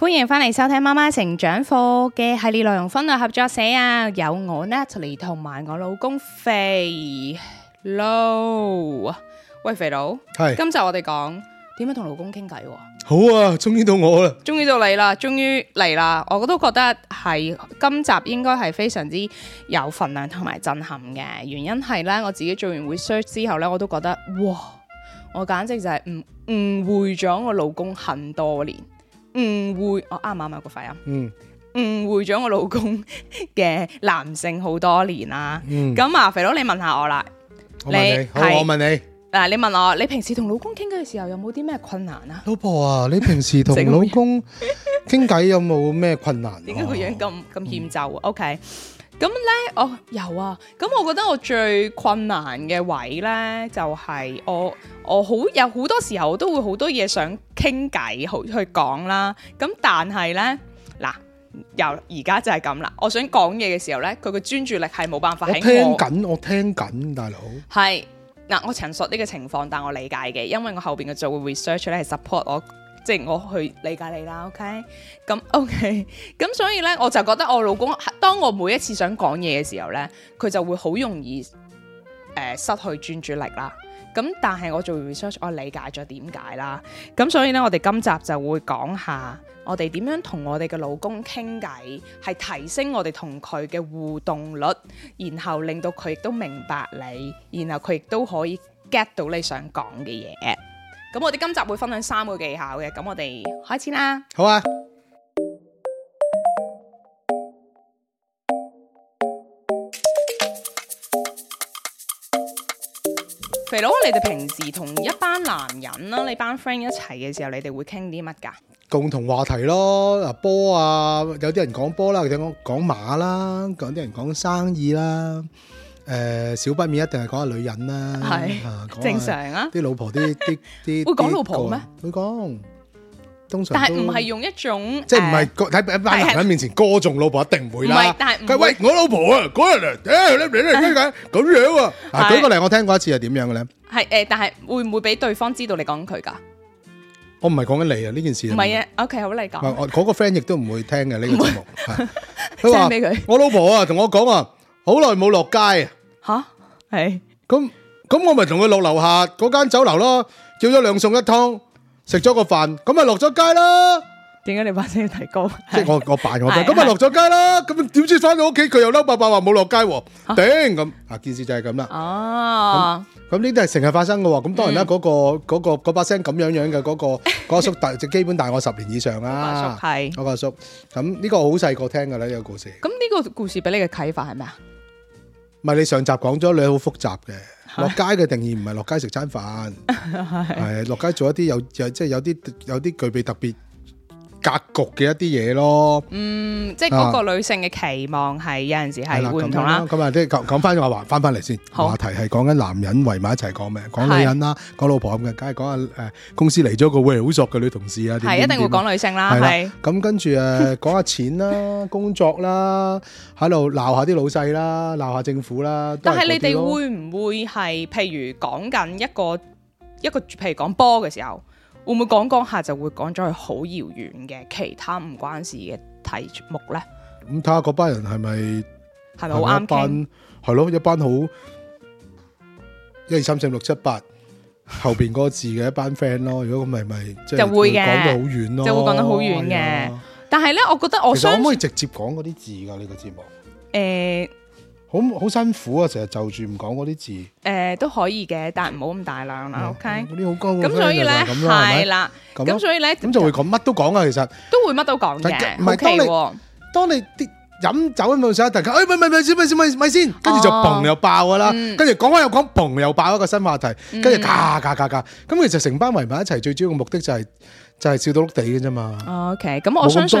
歡迎翻嚟收聽媽媽成長課嘅系列內容，婚內合作社啊！有我 Natalie 同埋我老公、Lo、肥佬。喂肥佬，係今集我哋講點樣同老公傾偈啊。好啊，終於到我啦，終於到你啦，終於嚟啦！我都覺得係今集應該係非常之有份量同埋震撼嘅，原因係咧，我自己做完 research 之後咧，我都覺得哇，我簡直就係誤誤會咗我老公很多年。誤會，我啱唔啱啊？個發嗯誤、嗯、會咗我老公嘅男性好多年啦。咁啊，嗯嗯、那肥佬你問下我啦是。我問你，我問你嗱，你問我，你平時同老公傾偈嘅時候有冇啲咩困難啊？老婆啊，你平時同老公傾偈有冇咩困難？點解個樣咁咁 欠揍 OK 咁咧，哦，有啊。咁我覺得我最困難嘅位咧，就係、是、我我好有好多時候，我都會好多嘢想傾偈，好去講啦。咁但係咧，嗱，由而家就係咁啦。我想講嘢嘅時候咧，佢嘅專注力係冇辦法喺我我聽緊。我聽緊，我聽緊，大佬。係，嗱，我陳述呢個情況，但我理解嘅，因為我後邊嘅做 research 咧係 support 我。即係我去理解你啦，OK？咁 OK？咁所以咧，我就覺得我老公，當我每一次想講嘢嘅時候咧，佢就會好容易誒、呃、失去專注力啦。咁但係我做 research，我理解咗點解啦。咁所以咧，我哋今集就會講下我哋點樣同我哋嘅老公傾偈，係提升我哋同佢嘅互動率，然後令到佢亦都明白你，然後佢亦都可以 get 到你想講嘅嘢。咁我哋今集會分享三個技巧嘅，咁我哋開始啦。好啊。肥佬，你哋平時同一班男人啦，你班 friend 一齊嘅時候，你哋會傾啲乜㗎？共同話題咯，嗱、啊，波啊，有啲人講波啦，有啲人講馬啦，講啲人講生意啦。誒，小不免一定係講下女人啦，係正常啊。啲老婆啲啲啲會講老婆咩？會講通常，但係唔係用一種，即係唔係睇喺男人面前歌頌老婆一定唔會啦。唔係，但係喂我老婆啊，嗰日誒你你聽緊咁樣喎，舉一個嚟，我聽過一次係點樣嘅咧？係誒，但係會唔會俾對方知道你講佢噶？我唔係講緊你啊，呢件事唔係啊。OK，好你講，我嗰個 friend 亦都唔會聽嘅呢個節目，佢話俾佢我老婆啊，同我講啊，好耐冇落街。吓係咁咁，我咪同佢落樓下嗰間酒樓咯，叫咗兩餸一湯，食咗個飯，咁咪落咗街啦。點解你把聲要提高？即係我我扮我就咁咪落咗街啦。咁點知翻到屋企佢又嬲爆爆話冇落街喎，頂咁啊！件事就係咁啦。哦，咁呢啲係成日發生嘅。咁當然啦，嗰個嗰個嗰把聲咁樣樣嘅嗰個嗰叔大，就基本大我十年以上啦。係我阿叔咁呢個好細個聽嘅咧，呢個故事。咁呢個故事俾你嘅啟發係咩啊？唔係，你上集講咗你好複雜嘅，落的街嘅定義唔係落街食餐飯，係落的街做一啲有有即係、就是、有啲有啲具備特別。格局嘅一啲嘢咯，嗯，即係嗰個女性嘅期望係有陣時係會唔同啦。咁啊，即係講翻又話翻翻嚟先，話題係講緊男人圍埋一齊講咩，講女人啦，講老婆咁嘅，梗係講下誒，公司嚟咗個好索嘅女同事啊，係一定會講女性啦，係。咁跟住誒，講下錢啦，工作啦，喺度鬧下啲老細啦，鬧下政府啦。但係你哋會唔會係，譬如講緊一個一個，譬如講波嘅時候？會唔會講講下就會講咗去好遙遠嘅其他唔關事嘅題目咧？咁睇下嗰班人係咪係咪好啱班，係咯，一班好一二三四五六七八後邊嗰個字嘅一班 friend 咯。如果咁咪咪就會講到好遠咯，就會講得好遠嘅。了但係咧，我覺得我想，可唔可以直接講嗰啲字噶呢個節目？誒。欸好好辛苦啊！成日就住唔講嗰啲字，誒都可以嘅，但係唔好咁大量啦。OK，嗰啲好高咁，所以咧係啦，咁所以咧咁就會講乜都講啊。其實都會乜都講嘅，唔係。當你啲飲酒嘅時候，突然間，哎，咪咪，先咪先咪先，跟住就嘣又爆噶啦，跟住講開又講，嘣又爆一個新話題，跟住架架架架，咁其實成班圍埋一齊最主要嘅目的就係就係笑到碌地嘅啫嘛。OK，咁我相信。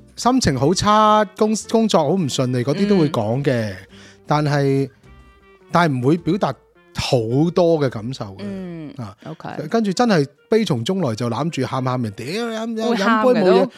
心情好差，工工作好唔順利，嗰啲都會講嘅，但係但係唔會表達好多嘅感受嘅。嗯啊，OK。跟住真係悲從中來，就攬住喊喊人，屌飲飲飲杯冇嘢，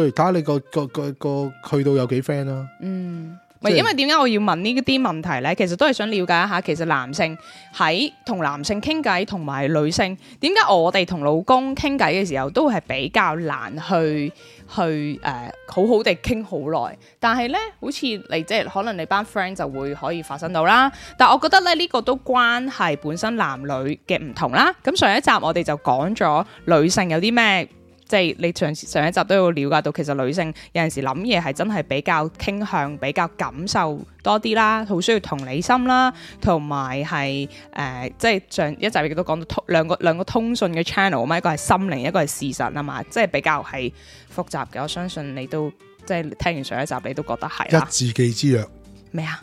會睇下你個個個個去到有幾 friend 啦。嗯。咪，因為點解我要問呢啲問題呢？其實都係想了解一下，其實男性喺同男性傾偈，同埋女性點解我哋同老公傾偈嘅時候，都係比較難去去誒好好地傾好耐。但係呢，好似你即係可能你班 friend 就會可以發生到啦。但係我覺得咧，呢個都關係本身男女嘅唔同啦。咁上一集我哋就講咗女性有啲咩？即係你上上一集都要了解到，其實女性有陣時諗嘢係真係比較傾向比較感受多啲啦，好需要同理心啦，同埋係誒，即係上一集亦都講到兩個兩個通訊嘅 channel 啊嘛，一個係心靈，一個係事實啊嘛，即係比較係複雜嘅。我相信你都即係聽完上一集，你都覺得係啦。一字記之曰咩啊？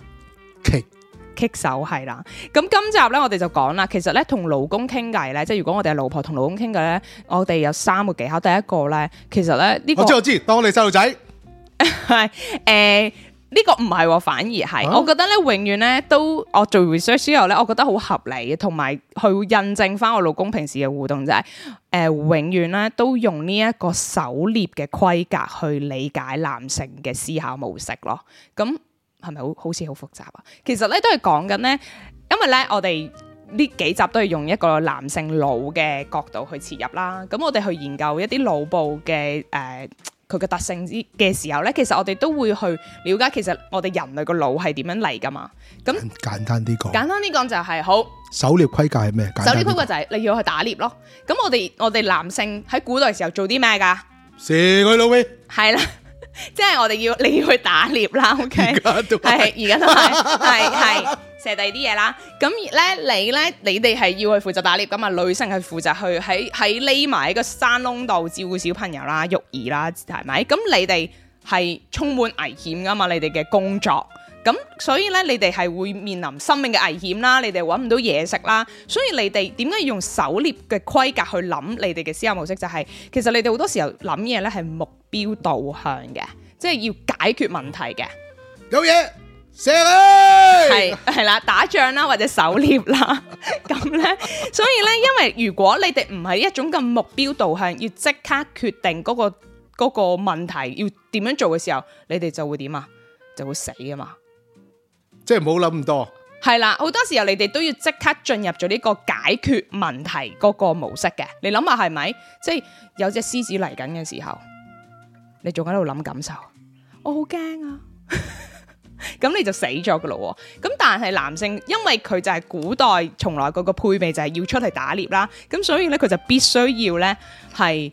麼棘手係啦，咁今集咧我哋就講啦，其實咧同老公傾偈咧，即係如果我哋係老婆同老公傾偈咧，我哋有三個技巧。第一個咧，其實咧呢、這個我知我知，當我哋細路仔係誒呢個唔係、哦，反而係、啊、我覺得咧永遠咧都我做 research 之後咧，我覺得好合理，同埋去印證翻我老公平時嘅互動就係誒永遠咧都用呢一個狩獵嘅規格去理解男性嘅思考模式咯，咁、嗯。係咪好好似好複雜啊？其實咧都係講緊咧，因為咧我哋呢幾集都係用一個男性腦嘅角度去切入啦。咁我哋去研究一啲腦部嘅誒佢嘅特性之嘅時候咧，其實我哋都會去了解其實我哋人類個腦係點樣嚟噶嘛？咁簡單啲講，簡單啲講就係好狩獵規格係咩？狩獵規格就係你要去打獵咯。咁我哋我哋男性喺古代時候做啲咩噶？蛇龜老味係啦。即係我哋要你要去打獵啦，OK，係而家都係係係射第二啲嘢啦。咁、okay？咧 你咧你哋係要去負責打獵噶嘛？女性係負責去喺喺匿埋喺個山窿度照顧小朋友啦、育兒啦，係咪？咁你哋係充滿危險噶嘛？你哋嘅工作。咁所以咧，你哋係會面臨生命嘅危險啦，你哋搵唔到嘢食啦，所以你哋點解用狩獵嘅規格去諗你哋嘅思考模式？就係其實你哋好多時候諗嘢咧係目標導向嘅，即係要解決問題嘅。有嘢射啦，係係啦，打仗啦或者狩獵啦，咁 咧， 所以咧，因為如果你哋唔係一種咁目標導向，要即刻決定嗰個嗰個問題要點樣做嘅時候，你哋就會點啊？就會死啊嘛！即係唔好諗咁多，係啦，好多時候你哋都要即刻進入咗呢個解決問題嗰個模式嘅。你諗下係咪？即係有隻獅子嚟緊嘅時候，你仲喺度諗感受，我好驚啊！咁 你就死咗噶咯。咁但係男性，因為佢就係古代從來嗰個配備就係要出嚟打獵啦，咁所以咧佢就必須要咧係。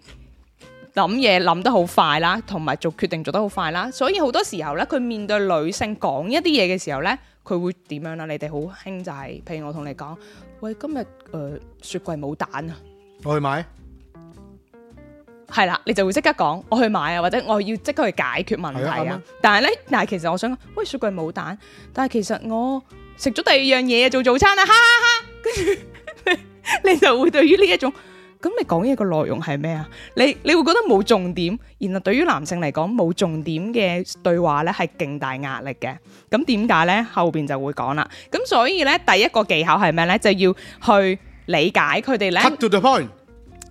諗嘢諗得好快啦，同埋做決定做得好快啦，所以好多時候咧，佢面對女性講一啲嘢嘅時候咧，佢會點樣啦？你哋好興就係，譬如我同你講，喂，今日誒雪櫃冇蛋啊，我去買。係啦，你就會即刻講我去買啊，或者我要即刻去解決問題啊。但係咧，但係其實我想，喂，雪櫃冇蛋，但係其實我食咗第二樣嘢做早餐啦，哈哈哈，跟住你就會對於呢一種。咁你講嘢個內容係咩啊？你你會覺得冇重點，然後對於男性嚟講冇重點嘅對話咧係勁大壓力嘅。咁點解咧？後邊就會講啦。咁所以咧，第一個技巧係咩咧？就要去理解佢哋咧。Cut to the point。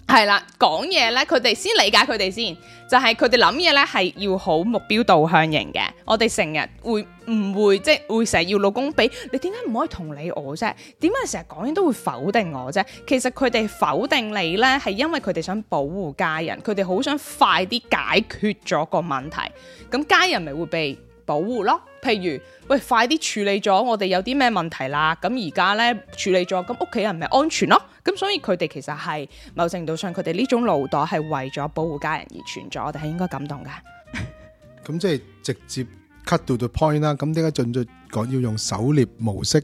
係啦，講嘢咧，佢哋先理解佢哋先。就係佢哋諗嘢咧，係要好目標導向型嘅。我哋成日會唔會，即係會成日要老公俾你點解唔可以同理我啫？點解成日講嘢都會否定我啫？其實佢哋否定你咧，係因為佢哋想保護家人，佢哋好想快啲解決咗個問題，咁家人咪會被保護咯。譬如喂，快啲處理咗我哋有啲咩問題啦！咁而家呢，處理咗，咁屋企人咪安全咯！咁所以佢哋其實係某程度上，佢哋呢種腦袋係為咗保護家人而存在，我哋係應該感動噶。咁 即係直接 cut 到到 point 啦！咁點解盡在講要用狩獵模式？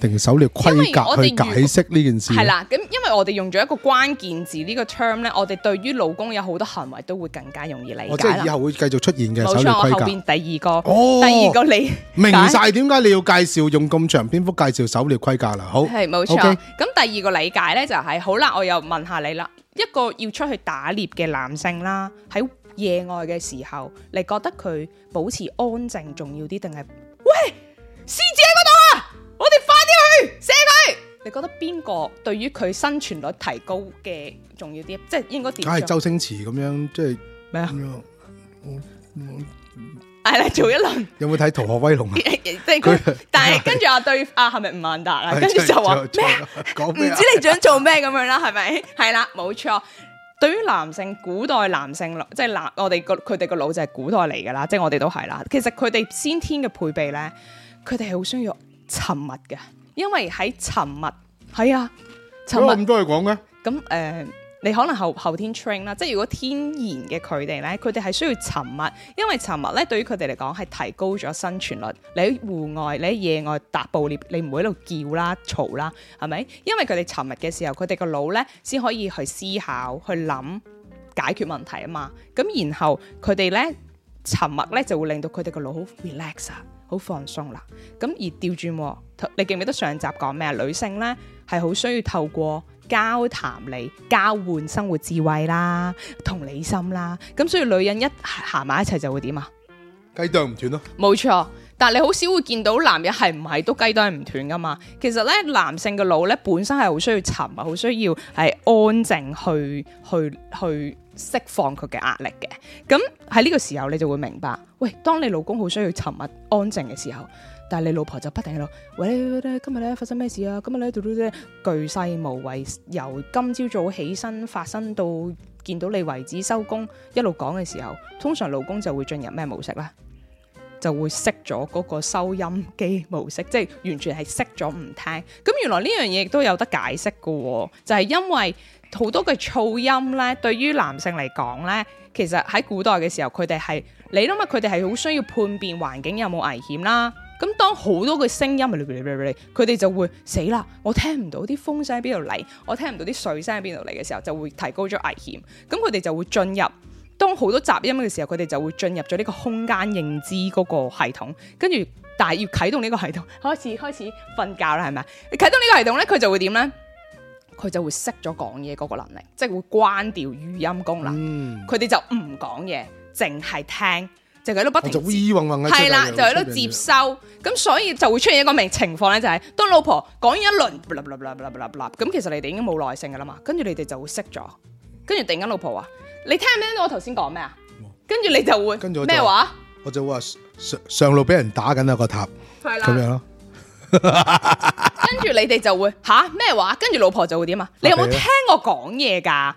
定狩獵規格去解釋呢件事，係啦。咁因為我哋用咗一個關鍵字呢個 term 咧，我哋對於老公有好多行為都會更加容易理解啦。即係以後會繼續出現嘅狩獵規格。冇錯，後邊第二個，哦，第二個理解。你明晒點解你要介紹用咁長篇幅介紹狩獵規格啦？好，係冇錯。咁第二個理解咧就係好啦，我又問下你啦。一個要出去打獵嘅男性啦，喺野外嘅時候，你覺得佢保持安靜重要啲，定係喂，獅子喺嗰度射佢，你覺得邊個對於佢生存率提高嘅重要啲？即係應該點？梗係周星馳咁樣，即係咩啊？係啦做一輪有冇睇《逃學威龍》啊？即係佢，但係跟住阿對阿係咪吳孟達啊？跟住就話唔知你想做咩咁樣啦？係咪？係啦，冇錯。對於男性，古代男性即係男，我哋個佢哋個腦就係古代嚟噶啦，即係我哋都係啦。其實佢哋先天嘅配備咧，佢哋係好需要沉默嘅。因為喺沉默，係啊，沉默咁多嘢講嘅。咁誒、呃，你可能後後天 train 啦，即係如果天然嘅佢哋咧，佢哋係需要沉默，因為沉默咧對於佢哋嚟講係提高咗生存率。你喺戶外，你喺野外踏步獵，你唔會喺度叫啦、嘈啦，係咪？因為佢哋沉默嘅時候，佢哋個腦咧先可以去思考、去諗、解決問題啊嘛。咁然後佢哋咧。沉默咧就會令到佢哋個腦好 relax 啊，好放鬆啦。咁而調轉，你記唔記得上集講咩啊？女性咧係好需要透過交談嚟交換生活智慧啦，同理心啦。咁所以女人一行埋一齊就會點啊？雞啄唔斷咯。冇錯，但係你好少會見到男人係唔係都雞啄唔斷噶嘛？其實咧男性嘅腦咧本身係好需要沉默，好需要係安靜去去去。去去釋放佢嘅壓力嘅，咁喺呢個時候你就會明白，喂，當你老公好需要沉默安靜嘅時候，但係你老婆就不停喺度，喂，今日咧發生咩事啊？今日咧，巨細無遺，由今朝早起身發生到見到你為止收工，一路講嘅時候，通常老公就會進入咩模式呢？就會熄咗嗰個收音機模式，即係完全係熄咗唔聽。咁原來呢樣嘢都有得解釋噶，就係因為。好多嘅噪音咧，對於男性嚟講咧，其實喺古代嘅時候，佢哋係你諗下，佢哋係好需要判別環境有冇危險啦。咁當好多嘅聲音佢哋就會死啦！我聽唔到啲風聲喺邊度嚟，我聽唔到啲水聲喺邊度嚟嘅時候，就會提高咗危險。咁佢哋就會進入當好多雜音嘅時候，佢哋就會進入咗呢個空間認知嗰個系統。跟住，但係要啟動呢個系統，開始開始瞓覺啦，係咪啊？啟動呢個系統咧，佢就會點咧？佢就會熄咗講嘢嗰個能力，即係會關掉語音功能。佢哋就唔講嘢，淨係聽，淨係喺度不停。就咿咿嗡嗡。係啦，就喺度接收。咁所以就會出現一個咩情況咧？就係當老婆講完一輪，咁其實你哋已經冇耐性噶啦嘛。跟住你哋就會熄咗。跟住突然間老婆話：你聽唔聽到我頭先講咩啊？跟住你就會，跟住咩話？我就話上上路俾人打緊啊個塔。係啦。咁樣咯。 跟住你哋就會，吓，咩話？跟住老婆就會點啊？你有冇聽我講嘢噶？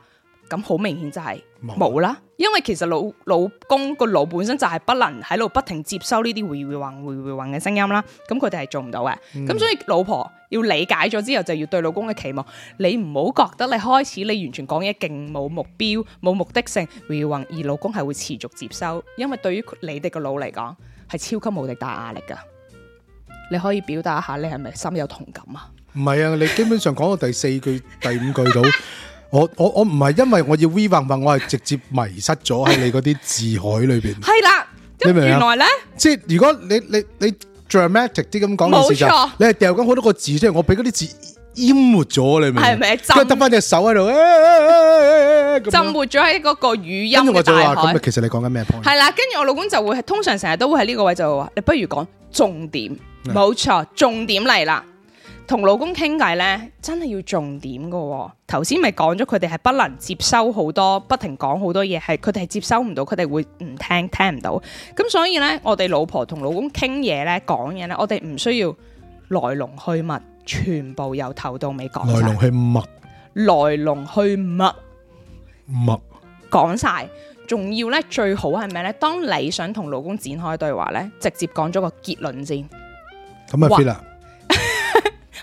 咁好明顯就係冇啦，有因為其實老老公個腦本身就係不能喺度不停接收呢啲回回環、回回環嘅聲音啦。咁佢哋係做唔到嘅。咁、嗯、所以老婆要理解咗之後，就要對老公嘅期望，你唔好覺得你開始你完全講嘢勁冇目標、冇目的性，回環，而老公係會持續接收，因為對於你哋個腦嚟講係超級無敵大壓力噶。你可以表達一下，你係咪心有同感啊？唔係啊！你基本上講到第四句、 第五句到，我我我唔係因為我要 v e 話話，我係直接迷失咗喺你嗰啲字海裏邊。係啦，你明唔明啊？原來呢，即係如果你你你 dramatic 啲咁講嘅時候，冇錯，你係掉緊好多個字即係，我俾嗰啲字。淹沒咗，你明唔明，係咪，跟住得翻隻手喺度，浸、哎哎哎、浸沒咗喺嗰個語音嘅大海。跟住我就話，咁其實你講緊咩 point 係啦，跟住我老公就會通常成日都會喺呢個位就話，你不如講重點，冇是的 錯，重點嚟啦。同老公傾偈咧，真係要重點㗎。哦。頭先咪講咗，佢哋係不能接收好多，不停講好多嘢，係佢哋係接收唔到，佢哋會唔聽，聽唔到。咁所以咧，我哋老婆同老公傾嘢咧，講嘢咧，我哋唔需要來龍去脈。全部由頭到尾講晒，來龍去脈，來龍去脈，脈講晒，仲要呢，最好係咩呢？當你想同老公展開對話呢，直接講咗個結論先，咁啊必啦。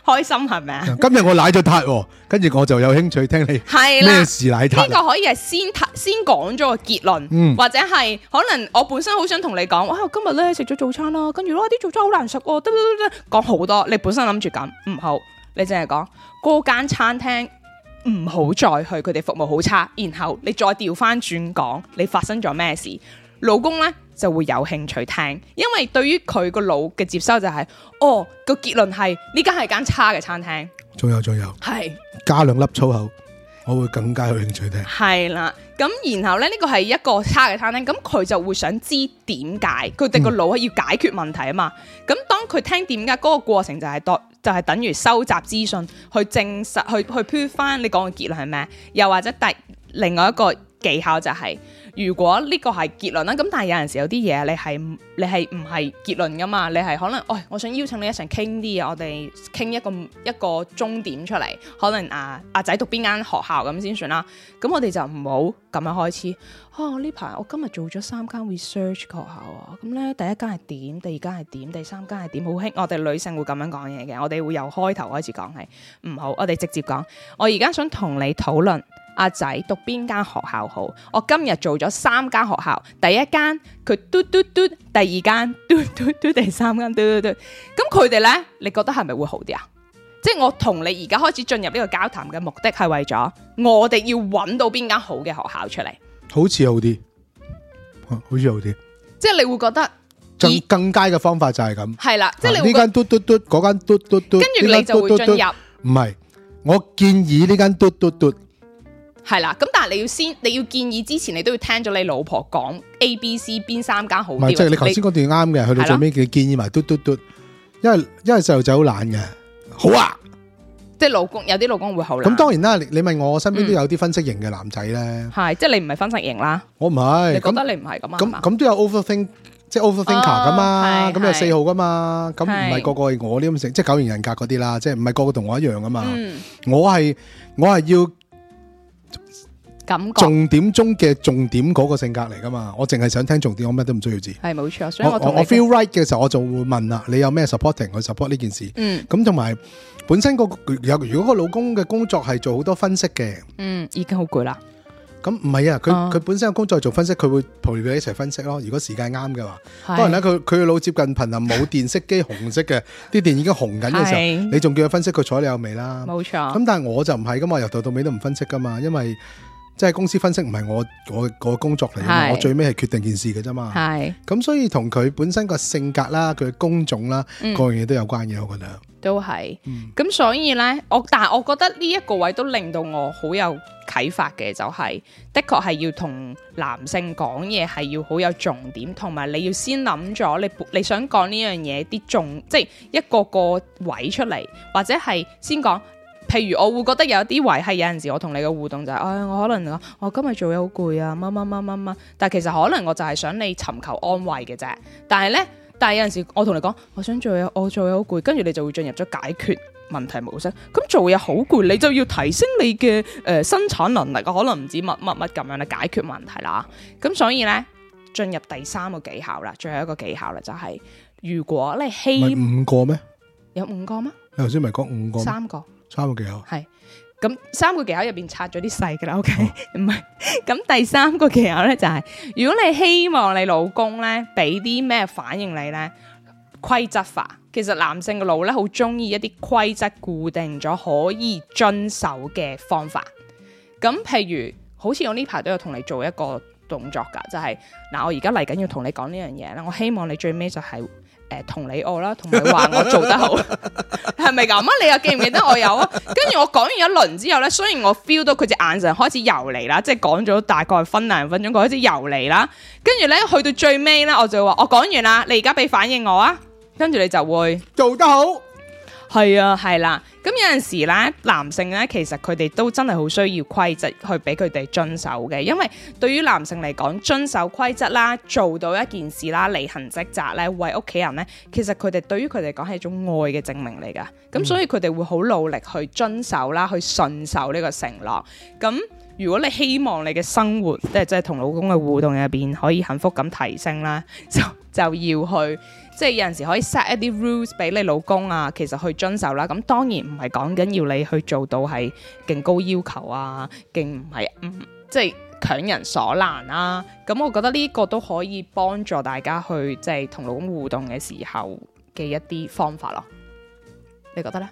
開心係咪啊？今日我瀨咗塌，跟住 我就有興趣聽你咩的事瀨塌。呢個可以係先塌先講咗個結論，嗯、或者係可能我本身好想同你講，哇！今日咧食咗早餐啦，跟住咯啲早餐好難食，啊，得得得得，講好多。你本身諗住咁，唔好，你淨係講嗰間餐廳唔好再去，佢哋服務好差。然後你再調翻轉講，你發生咗咩事？老公呢就會有興趣聽，因為對於佢個腦嘅接收就係、是，哦，個結論係呢間係間差嘅餐廳。仲有仲有，係是加兩粒粗口，我會更加有興趣聽。係啦，咁然後呢，呢個係一個差嘅餐廳，咁佢就會想知點解，佢哋個腦係要解決問題啊嘛。咁、嗯、當佢聽點解嗰個過程就係、是、代就係、是、等於收集資訊去證實去去推翻你講嘅結論係咩？又或者第另外一個技巧就係、是。如果呢個係結論啦，咁但係有陣時有啲嘢你係你係唔係結論噶嘛？你係可能，哎，我想邀請你一齊傾啲嘢，我哋傾一個一個終點出嚟。可能啊，阿仔讀邊間學校咁先算啦。咁我哋就唔好咁樣開始。啊，我呢排我今日做咗三間 research 學校啊。咁咧，第一間係點？第二間係點？第三間係點？好興，我哋女性會咁樣講嘢嘅。我哋會由開頭開始講起。唔好，我哋直接講。我而家想同你討論。阿仔讀邊間學校好？我今日做咗三間學校，第一間佢嘟嘟嘟，第二間嘟嘟嘟，第三間嘟嘟嘟。咁佢哋咧，你覺得係咪會好啲啊？即係我同你而家開始進入呢個交談嘅目的係為咗我哋要揾到邊間好嘅學校出嚟，好似好啲，好似好啲。即係你會覺得更更加嘅方法就係咁，係啦了，嗯、即係呢間嘟嘟嘟，嗰間嘟嘟嘟，跟住你就會進入。唔係，我建議呢間嘟嘟嘟。係啦，咁但係你要先，你要建議之前，你都要聽咗你老婆講 A、B、C 邊三間好啲。唔係即係你頭先嗰段啱嘅，去到最尾你建議埋，嘟嘟嘟，因為因為細路仔好懶嘅。好啊，即係老公有啲老公會好懶。咁當然啦，你你問我身邊都有啲分析型嘅男仔咧。係，即係你唔係分析型啦。我唔係，你覺得你唔係咁啊？咁咁都有 overthink，即係 overthinker 噶嘛？咁有四號噶嘛？咁唔係個個係我呢種，即係九型人格嗰啲啦，即係唔係個個同我一樣噶嘛？我係我係要。重點中嘅重點嗰個性格嚟噶嘛？我淨係想聽重點，我咩都唔需要知。係冇錯，所以我，我，我 feel right 嘅時候，我就會問啦：你有咩 supporting 去 support 呢件事？嗯，咁同埋本身、嗰個如果個老公嘅工作係做好多分析嘅，嗯，已經好攰啦。咁唔係啊，佢佢、哦、本身嘅工作做分析，佢會陪佢一齊分析咯。如果時間啱嘅話，是當然啦，佢佢老接近頻臨冇電色機 紅色嘅啲電已經紅緊嘅時候，是你仲叫佢分析，佢睬你有未啦。冇錯。咁但係我就唔係噶嘛，由頭到尾都唔分析噶嘛，因為。即係公司分析唔係我我個工作嚟嘅，我最尾係決定件事嘅啫嘛。係咁，所以同佢本身個性格啦、佢嘅工種啦、各樣嘢都有關嘅，我覺得。都係，咁所以呢，我但係我覺得呢一個位都令到我好有啟發嘅，就係的確係要同男性講嘢係要好有重點，同埋你要先諗咗你你想講呢樣嘢啲重，即係一個個位出嚟，或者係先講。譬如我會覺得有啲維繫，有陣時我同你嘅互動就係，誒，我可能我今日做嘢好攰啊，乜乜乜乜乜，但係其實可能我就係想你尋求安慰嘅啫。但係咧，但係有陣時我同你講，我想做嘢，我做嘢好攰，跟住你就會進入咗解決問題模式。咁做嘢好攰，你就要提升你嘅誒生產能力啊，可能唔止乜乜乜咁樣啊，解決問題啦。咁所以咧，進入第三個技巧啦，最後一個技巧咧就係，如果你希五個咩？有五個嗎？你頭先咪講五個，三個。三個，三個技巧係咁，三個技巧入邊拆咗啲細噶啦，OK？唔係咁，第三個技巧咧就係、是，如果你希望你老公咧俾啲咩反應你咧，規則化。其實男性嘅腦咧好中意一啲規則固定咗可以遵守嘅方法。咁譬如，好似我呢排都有同你做一個動作噶，就係、是、嗱，我而家嚟緊要同你講呢樣嘢啦。我希望你最尾就係、是。誒，同你我啦，同佢話我做得好，係咪咁啊？你又記唔記得我有啊？跟住我講完一輪之後呢，雖然我 feel 到佢隻眼神開始游離啦，即係講咗大概分兩分鐘，佢開始游離啦。跟住呢，去到最尾呢，我就話我講完啦，你而家俾反應我啊！跟住你就會做得好。係啊，係啦、啊，咁有陣時咧，男性咧，其實佢哋都真係好需要規則去俾佢哋遵守嘅。因為對於男性嚟講，遵守規則啦，做到一件事啦，履行職責咧，為屋企人咧，其實佢哋對於佢哋講係一種愛嘅證明嚟噶，咁所以佢哋會好努力去遵守啦，去信守呢個承諾。咁如果你希望你嘅生活，即係即係同老公嘅互動入邊可以幸福咁提升啦，就就要去。即係有陣時可以 set 一啲 rules 俾你老公啊，其實去遵守啦。咁當然唔係講緊要你去做到係勁高要求啊，勁唔係即係強人所難啦。咁我覺得呢個都可以幫助大家去即係同老公互動嘅時候嘅一啲方法咯。你覺得呢？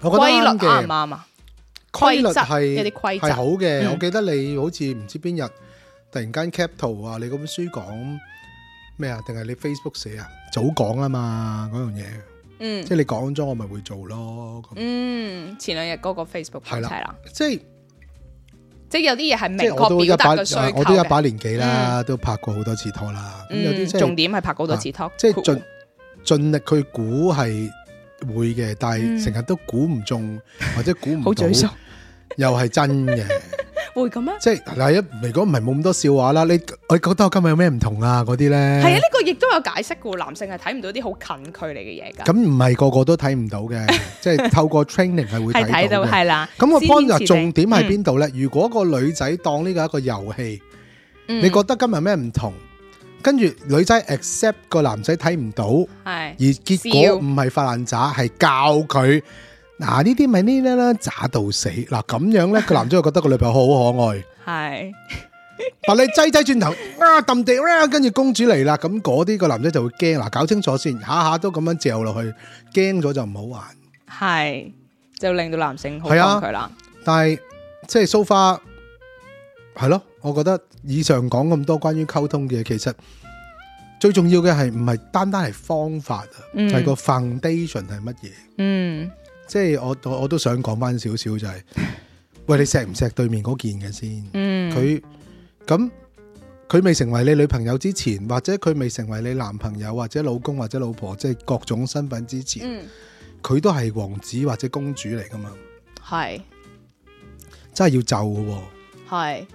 我覺得規律啱唔啱啊？規律係一啲規則係好嘅。我記得你好似唔知邊日突然間 cap 圖啊，你嗰本書講。咩啊？定係你 Facebook 寫啊？早講啊嘛，嗰樣嘢，嗯，即係你講咗，我咪會做咯。嗯，前兩日嗰個 Facebook 係啦，即係即係有啲嘢係明確表達嘅需求。我都一把年紀啦，都拍過好多次拖啦。嗯，重點係拍過好多次拖，即係盡盡力，去估係會嘅，但係成日都估唔中，或者估唔到，又係真嘅。會咁啊！即係嗱，如果唔係冇咁多笑話啦，你覺得我今日有咩唔同啊？嗰啲咧係啊，呢個亦都有解釋噶。男性係睇唔到啲好近距離嘅嘢噶。咁唔係個個都睇唔到嘅，即係透過 training 係會睇到嘅。係啦。咁我 point 重點係邊度咧？如果個女仔當呢個一個遊戲，你覺得今日咩唔同？跟住女仔 accept 個男仔睇唔到，而結果唔係發爛渣，係教佢。嗱呢啲咪呢啦啦渣到死嗱咁樣咧，個男仔就覺得個女朋友好可愛。係 是的， 但你擠擠轉頭啊，抌地跟住、啊、公主嚟啦，咁嗰啲個男仔就會驚。嗱、啊，搞清楚先，下下都咁樣嚼落去，驚咗就唔好玩。係，就令到男性抗拒啦。但係即係 so far，係咯？我覺得以上講咁多關於溝通嘅，其實最重要嘅係唔係單單係方法啊，係、嗯、個 foundation 係乜嘢？嗯。即係我我我都想講翻少少就係、是，喂，你錫唔錫對面嗰件嘅先？嗯，佢咁佢未成為你女朋友之前，或者佢未成為你男朋友或者老公或者老婆，即係各種身份之前，佢、嗯、都係王子或者公主嚟噶嘛？係是 真係要就嘅喎。係。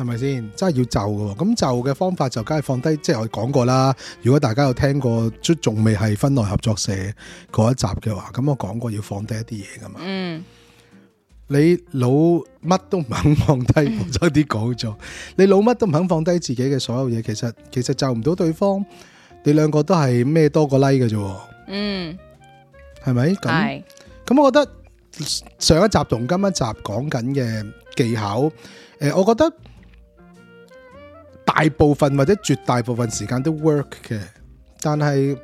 係咪先？真係要就㗎，咁就嘅方法就梗係放低，即係我講過啦。如果大家有聽過，即仲未係婚內合作社嗰一集嘅話，咁我講過要放低一啲嘢噶嘛。嗯，你老乜都唔肯放低，有啲講座，你老乜都唔肯放低自己嘅所有嘢，其實其實就唔到對方，你兩個都係咩多個 like 嘅啫。嗯，係咪咁？係咁，我覺得上一集同今一集講緊嘅技巧，誒，我覺得。大部分或者絕大部分時間都 work 嘅，但係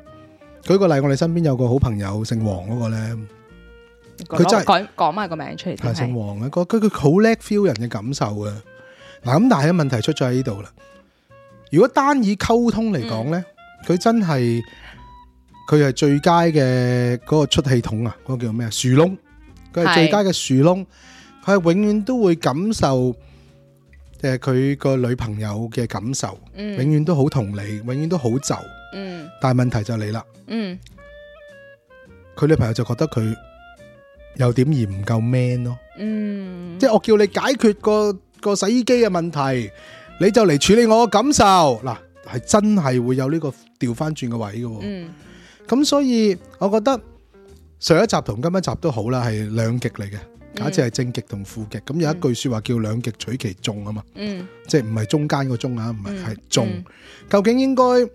舉個例，我哋身邊有個好朋友姓黃嗰個咧，佢真係講埋個名出嚟。啊，姓黃嗰個，佢佢好叻 feel 人嘅感受啊！嗱，咁但係嘅問題出咗喺呢度啦。如果單以溝通嚟講咧，佢真係佢係最佳嘅嗰個出氣筒啊！嗰個叫咩啊？樹窿，佢係最佳嘅樹窿，佢係永遠都會感受。誒，佢個女朋友嘅感受，永遠都好同理，嗯、永遠都好就。嗯、但係問題就嚟啦，佢、嗯、女朋友就覺得佢有點而唔夠 man 咯、嗯。即係我叫你解決個個洗衣機嘅問題，你就嚟處理我嘅感受。嗱，係真係會有呢個調翻轉嘅位嘅。咁、嗯、所以我覺得上一集同今一集都好啦，係兩極嚟嘅。假設係正極同負極，咁有一句說話叫兩極取其中啊嘛，即係唔係中間個中啊，唔係係中。究竟應該誒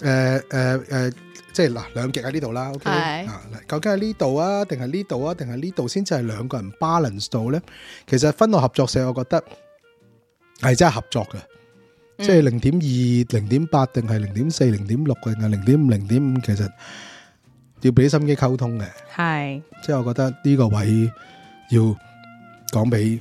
誒誒，即係嗱，兩極喺呢度啦，OK，啊，究竟喺呢度啊，定係呢度啊，定係呢度先至係兩個人 balance 到咧？其實婚內合作社，我覺得係真係合作嘅，即係零點二、零點八，定係零點四、零點六，定係零點五、零點五，其實要俾心機溝通嘅，係即係我覺得呢個位。要講俾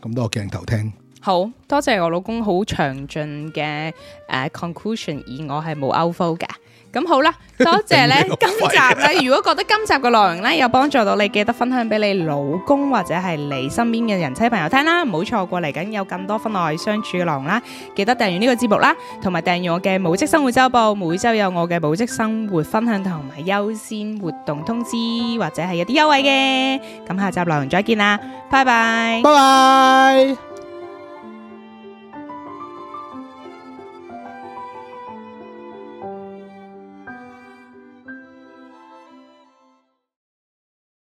咁多個鏡頭聽，好多謝我老公好詳盡嘅誒 conclusion，而我係冇 outflow 嘅。咁好啦，多謝咧今集咧。如果覺得今集嘅內容咧有幫助到你，記得分享俾你老公或者係你身邊嘅人妻朋友聽啦，唔好錯過嚟緊有更多婚內相處嘅內容啦。記得訂閱呢個節目啦，同埋訂閱我嘅母職生活週報，每周有我嘅母職生活分享同埋優先活動通知或者係一啲優惠嘅。咁下集內容再見啦，拜拜，拜拜。